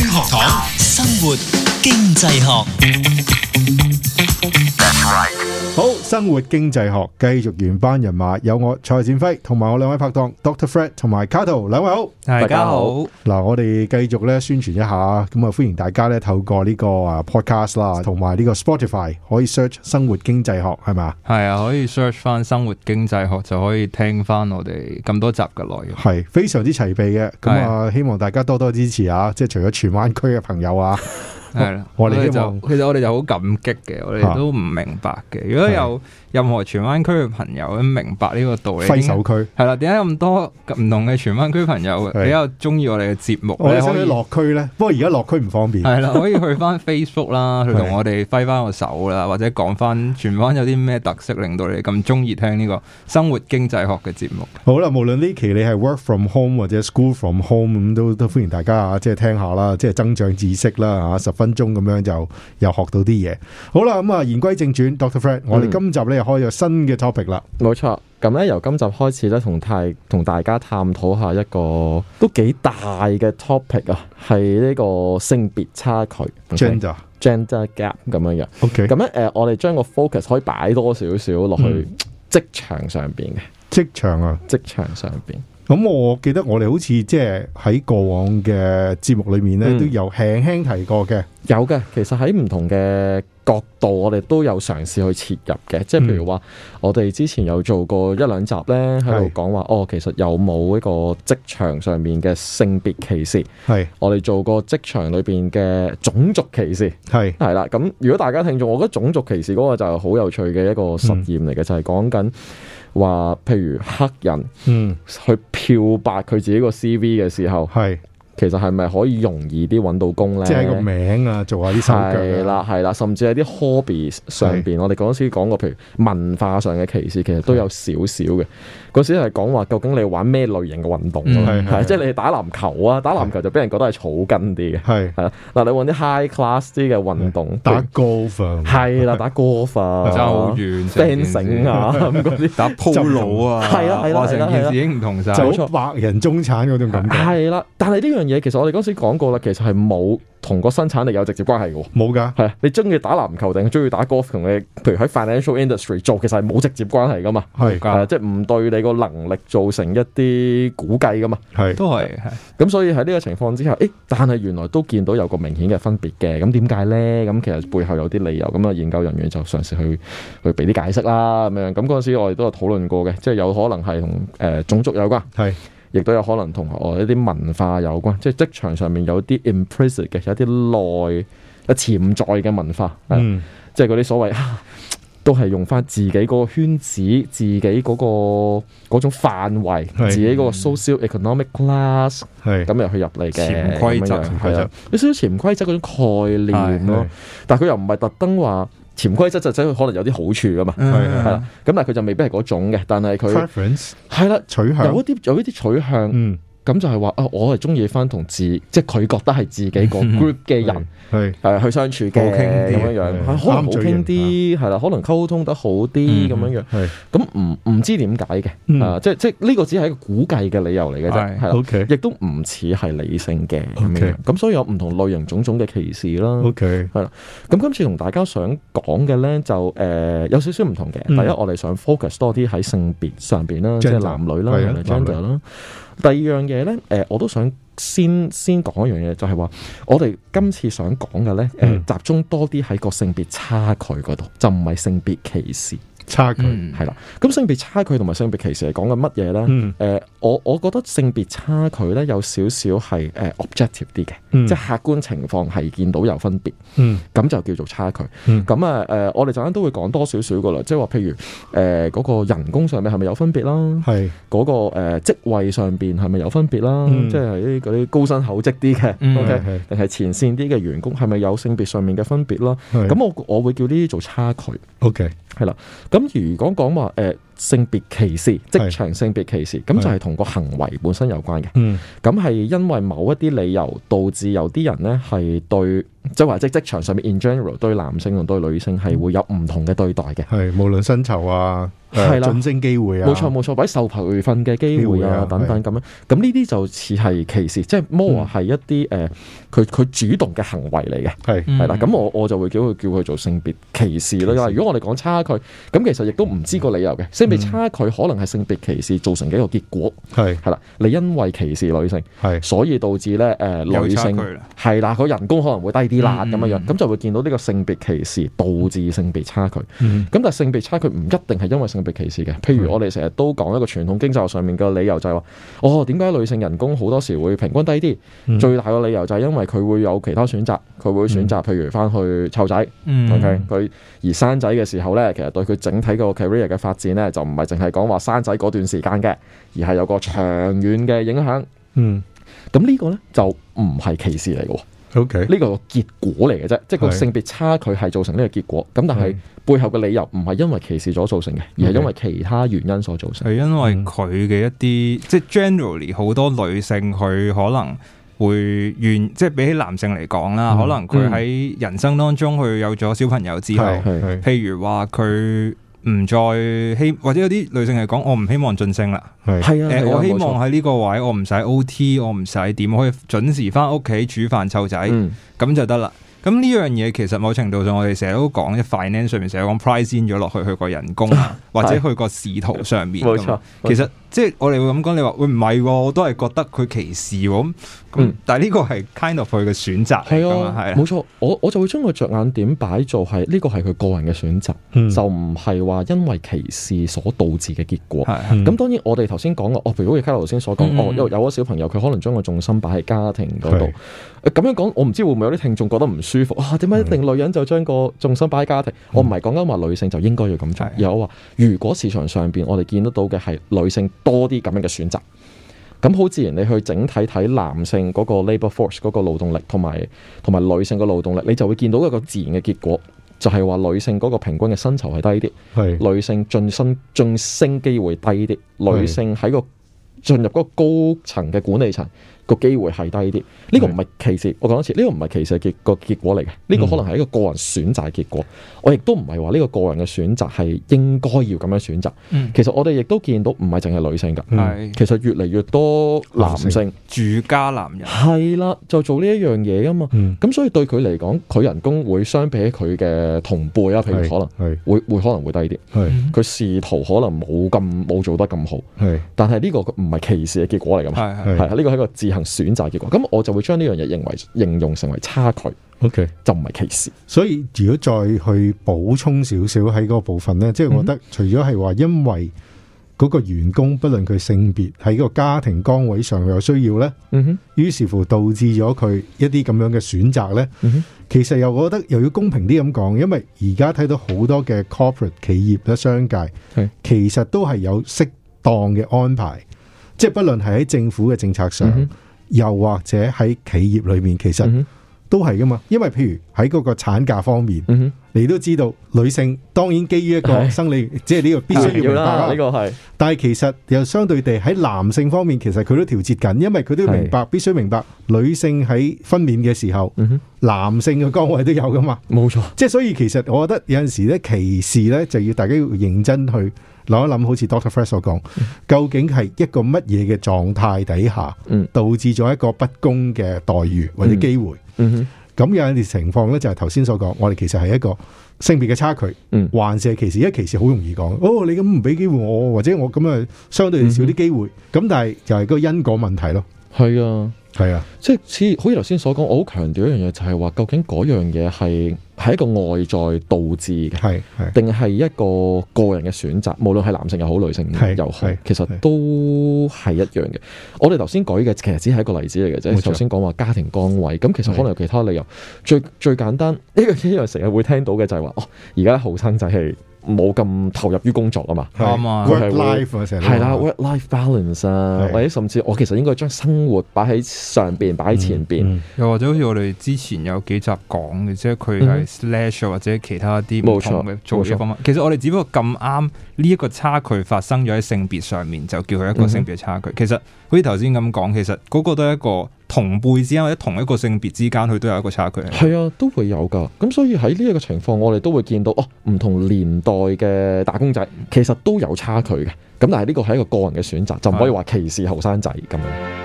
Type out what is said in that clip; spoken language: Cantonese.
學堂，nào? 生活經濟學。好，生活經濟學繼續原班人馬，有我蔡展輝同埋我兩位拍檔，Dr. Fred 同埋 Cato 兩位，好，大家好。嗱，我哋繼續咧宣傳一下，咁啊歡迎大家咧透過呢個啊 Podcast 啦，同埋呢個 Spotify 可以 search 生活經濟學，係咪，係啊，可以 search 翻，生活經濟學就可以聽翻我哋咁多集嘅內容，係非常之齊備嘅。咁啊，希望大家多多支持啊，即係除咗荃灣區嘅朋友啊。 係啦、哦，我哋就其實我哋就好感激嘅，我哋都唔明白嘅。如果有任何荃灣區嘅朋友都明白呢個道理，揮手區係啦，點解咁多唔同嘅荃灣區朋友比較中意我哋嘅節目？我哋可以落區咧，不過而家落區唔方便。係啦，可以去翻 Facebook 啦， 去同我哋揮翻個手啦，或者講翻荃灣有啲咩特色，令到你咁中意聽呢個生活經濟學嘅節目。好啦，無論呢期你係 work from home 或者 school from home 咁、嗯，都都歡迎大家啊，即係聽一下啦，即係增長知識啦嚇、啊，十分。分鐘咁樣就又學到啲嘢，好啦，咁啊言歸正傳、嗯、，Doctor Fred，我哋今集咧又開咗新嘅 topic 啦，冇錯，咁咧由今集開始咧同太同大家探討下一個都幾大嘅 topic 啊，係呢個性別差距 gender gap 咁樣嘅。OK 咁咧誒我哋將個 focus 可以擺多少少落去職、嗯、場上邊嘅職場啊，職場上邊。咁我記得我哋好似即係喺過往嘅節目裏面咧，都有輕輕提過嘅、嗯。有嘅，其實喺唔同嘅角度，我哋都有嘗試去切入嘅。即係譬如話，嗯、我哋之前有做過一兩集咧，喺度講話哦，其實有冇一個職場上面嘅性別歧視？係是我哋做過職場裏邊嘅種族歧視。係係啦，咁如果大家聽眾，我覺得種族歧視嗰個就係好有趣嘅一個實驗嚟嘅，嗯、就係講緊。話譬如黑人，去漂白佢自己個 C.V. 嘅時候，嗯，係。其實係咪可以容易啲揾到工咧？即係個名啊，做下啲手腳。係啦，係啦，甚至係啲 hobby 上邊。我哋嗰陣時講過，譬如文化上嘅歧視，其實都有少少嘅。嗰陣時係講話，究竟你玩咩類型嘅運動？即係你打籃球啊，打籃球就俾人覺得係草根啲嘅。係係。嗱，你玩啲 high class 啲嘅運動，打 golf。係啦，打 golf 就完。啊，嗰啲打 polo 啊。係啦係啦係啦。件事已經唔同曬。就白人中產嗰種感覺。係啦，但係呢樣。嘢，其實我哋嗰時講過啦，其實係冇同個生產力有直接關係喎。冇㗎。係你中意打籃球定中意打 golf，同你譬如喺 financial industry 做，其實係冇直接關係噶嘛。係㗎，即係唔對你個能力造成一啲估計噶嘛。係，都係。咁所以喺呢個情況之下，但係原來都見到有個明顯嘅分別嘅。咁點解呢？咁其實背後有啲理由。咁啊，研究人員就嘗試去去俾啲解釋啦。咁樣咁嗰陣時，我哋都有討論過嘅，即係有可能係同誒種族有關。係。亦都有可能同我一啲文化有關，即係職場上面有啲 implicit 嘅，有啲內啊潛在嘅文化，嗯、是即係嗰啲所謂、啊、都係用翻自己嗰個圈子、自己嗰、嗰個嗰種範圍、是自己嗰個 social economic class 咁入是去入嚟嘅潛規則，潛規則有少少潛規則嗰的種概念咯，但係佢又唔係特登話。潛規則就真係可能有啲好處噶嘛，係啦、嗯，咁但係佢就未必係嗰種嘅，但係佢係啦，取向有啲有啲取向，取向嗯。咁就係話啊，我係中意翻同自即係佢覺得係自己個 group 嘅人係去相處嘅咁樣樣，可能好傾啲係啦，可能溝通得好啲咁樣樣。咁唔唔知點解嘅即係即係呢個只係一個估計嘅理由嚟嘅啫，係 OK，亦都唔似係理性嘅咁樣。咁所以有唔同類型種種嘅歧視啦。OK，係啦。咁今次同大家想講嘅咧就誒有少少唔同嘅。第一，我哋想 focus 多啲喺性別上面啦，即係男女啦 gender 啦。第二樣嘢咧，呃，我都想先先講一樣嘢，就係話我哋今次想講嘅咧，嗯，集中多啲喺個性別差距嗰度，就唔係性別歧視。差距係啦，咁性別差距同埋性別歧視係講緊乜嘢咧？誒，我我覺得性別差距咧有少少係誒 objective 啲嘅，即係客觀情況係見到有分別，咁就叫做差距。咁啊，誒，我哋陣間都會講多少少噶啦，即係話譬如誒嗰個人工上面係咪有分別啦？係嗰個誒職位上面係咪有分別啦？即係啲嗰啲高薪厚職啲嘅，OK，定係前線啲嘅員工係咪有性別上面嘅分別啦？咁我我會叫呢啲做差距，OK。係啦，咁如果講話，誒，呃性別歧視、職場性別歧視，咁就係同個行為本身有關嘅。咁係因為某一啲理由，導致有啲人呢係對，即係話即係職場上面 in general 對男性同對女性係會有唔同嘅對待嘅。係無論薪酬啊，係啦晉升機會啊，冇錯冇錯，或者受培訓嘅機會啊等等咁樣。咁呢啲就似係歧視，即係摩係一啲誒佢佢主動嘅行為嚟嘅。係係啦，咁我我就會叫佢叫佢做性別歧視啦。如果我哋講差距，咁其實亦都唔知個理由嘅。性別差距可能係性別歧視、嗯、造成嘅一個結果係，係啦是，你因為歧視女性是所以導致咧誒，女性係啦，個、呃、人工可能會低啲啦咁樣樣，咁就會見到呢個性別歧視導致性別差距。咁、嗯、但係性別差距唔一定係因為性別歧視嘅，譬如我哋成日都講一個傳統經濟學上面嘅理由就係、是、話，嗯、哦點解女性人工好多時候會平均低啲？嗯、最大嘅理由就係因為佢會有其他選擇，佢會選擇譬如翻去湊仔、嗯、，OK 佢而生仔嘅時候咧，其實對佢整體個 career 嘅發展咧。就唔係淨係講話生仔嗰段時間嘅，而係有個長遠嘅影響。嗯，咁呢個呢，就唔係歧視嚟嘅，OK？呢個個結果嚟嘅啫，是即係個性別差距係造成呢個結果。咁但係背後嘅理由唔係因為歧視所造成嘅，而係因為其他原因所造成的。係因為佢嘅一啲，嗯、即係 generally 好多女性佢可能會願，即係比起男性嚟講啦，嗯、可能佢喺人生當中佢有咗小朋友之後，譬如話佢。唔再希或者有啲女性係講，我唔希望晉升啦，係啊，我希望喺呢個位錯我唔使 O T，我唔使點我可以準時返屋企煮飯湊仔，咁、嗯、就得啦。咁呢樣嘢其實某程度上我哋成日都講一 finance 上面成日講 price In 咗落去去個人工， 或者去個仕途上面，其實。即係我哋會咁講，你話，會唔係，我都係覺得佢歧視咁。嗯，但係呢個係 kind of 佢嘅選擇係啊，係啊、冇錯。我我就會將個着眼點擺做係呢個係佢個人嘅選擇，嗯、就唔係話因為歧視所導致嘅結果。咁、嗯，當然我哋頭先講過，我譬如好似 Carol 頭先所講，哦，嗯、哦有有咗小朋友，佢可能將個重心擺喺家庭嗰度。咁是樣講，我唔知會唔會有啲聽眾覺得唔舒服啊？點、哦、解一定女人就將個重心擺喺家庭？嗯、我唔係講緊話女性就應該要咁做。有話、嗯、如果市場上邊我哋見得到嘅係女性，多啲咁樣嘅選擇，咁好自然你去整體睇男性嗰個 labor force 嗰個勞動力，同埋同埋女性嘅勞動力，你就會見到一個自然嘅結果，就係、是、話女性嗰個平均嘅薪酬係低啲。是女性晉身晉升機會低啲，女性喺個進入嗰個高層嘅管理層個機會係低啲，呢個唔係歧視。我講一次，呢個唔係歧視嘅結個結果嚟嘅。呢個可能係一個個人選擇結果。我亦都唔係話呢個個人嘅選擇係應該要咁樣選擇。其實我哋亦都見到唔係淨係女性㗎，其實越嚟越多男性住家男人係啦，就做呢一樣嘢㗎嘛。咁所以對佢嚟講，佢人工會相比起佢嘅同輩啊，譬如可能係會會可能會低啲。佢仕途可能冇咁冇做得咁好。但係呢個唔係歧視嘅結果嚟㗎嘛。呢個係一個行選擇結果，咁我就會將呢樣嘢認為、形容成為差距。OK，就唔係歧視。所以如果再去補充少少喺嗰部分呢，即係我覺得除咗係話因為嗰個員工不論佢性別喺個家庭崗位上有需要呢，嗯哼，於是乎導致咗佢一啲咁樣嘅選擇呢，嗯哼，其實又我覺得又要公平啲咁講，因為而家睇到好多嘅 corporate 企業咧，商界，是，其實都係有適當嘅安排，即係不論係喺政府嘅政策上。嗯又或者喺企業裏面，其實都係噶嘛，因為譬如喺嗰個產假方面，嗯、哼你都知道女性當然基於一個生理，即係呢個必須要明白呢、呢個係、但係其實又相對地喺男性方面，其實佢都調節緊，因為佢都要明白是必須明白女性喺分娩嘅時候，嗯、哼男性嘅崗位都有噶嘛。冇錯，即係所以其實我覺得有陣時咧歧視咧，就要大家要認真去諗一諗，好似 Doctor Fresh 所講，究竟係一個乜嘢嘅狀態底下，導致咗一個不公嘅待遇或者機會？咁有啲情況咧，就係頭先所講，我哋其實係一個性別嘅差距，還是係歧視？因為歧視好容易講，哦，你咁唔俾機會我，或者我咁啊相對少啲機會。咁但係就係個因果問題咯。係啊，係啊，即係似好似頭先所講，我好強調一樣嘢，就係話究竟嗰樣嘢係係一個外在導致嘅，係定係一個個人嘅選擇，無論係男性又好，女性又好，其實都係一樣嘅。我哋頭先舉嘅其實只係一個例子嚟嘅啫，我頭先講話家庭崗位，咁其實可能有其他理由。是最最簡單呢、這個呢樣成日會聽到嘅就係、是、話，哦，而家後生仔係。冇咁投入於工作吧啊嘛，係的啊 work life 成日係啦，work life balance 啊，或者的甚至我其實應該將生活面的擺喺上邊，擺喺前邊。嗯、又或者好似我哋之前有幾集講嘅，即係佢係 slash、啊、或者其他啲冇錯嘅做方法。錯其實我哋只不過咁啱。呢一個差距發生咗喺性別上面，就叫佢一個性別嘅差距。嗯、其實，好似頭先咁講，其實嗰個都係一個同輩之間或者同一個性別之間，佢都有一個差距。係啊，都會有噶。咁所以喺呢一個情況，我哋都會見到，哦，唔同年代嘅打工仔其實都有差距嘅。咁但係呢個係一個個人嘅選擇，的就唔可以話歧視後生仔咁樣。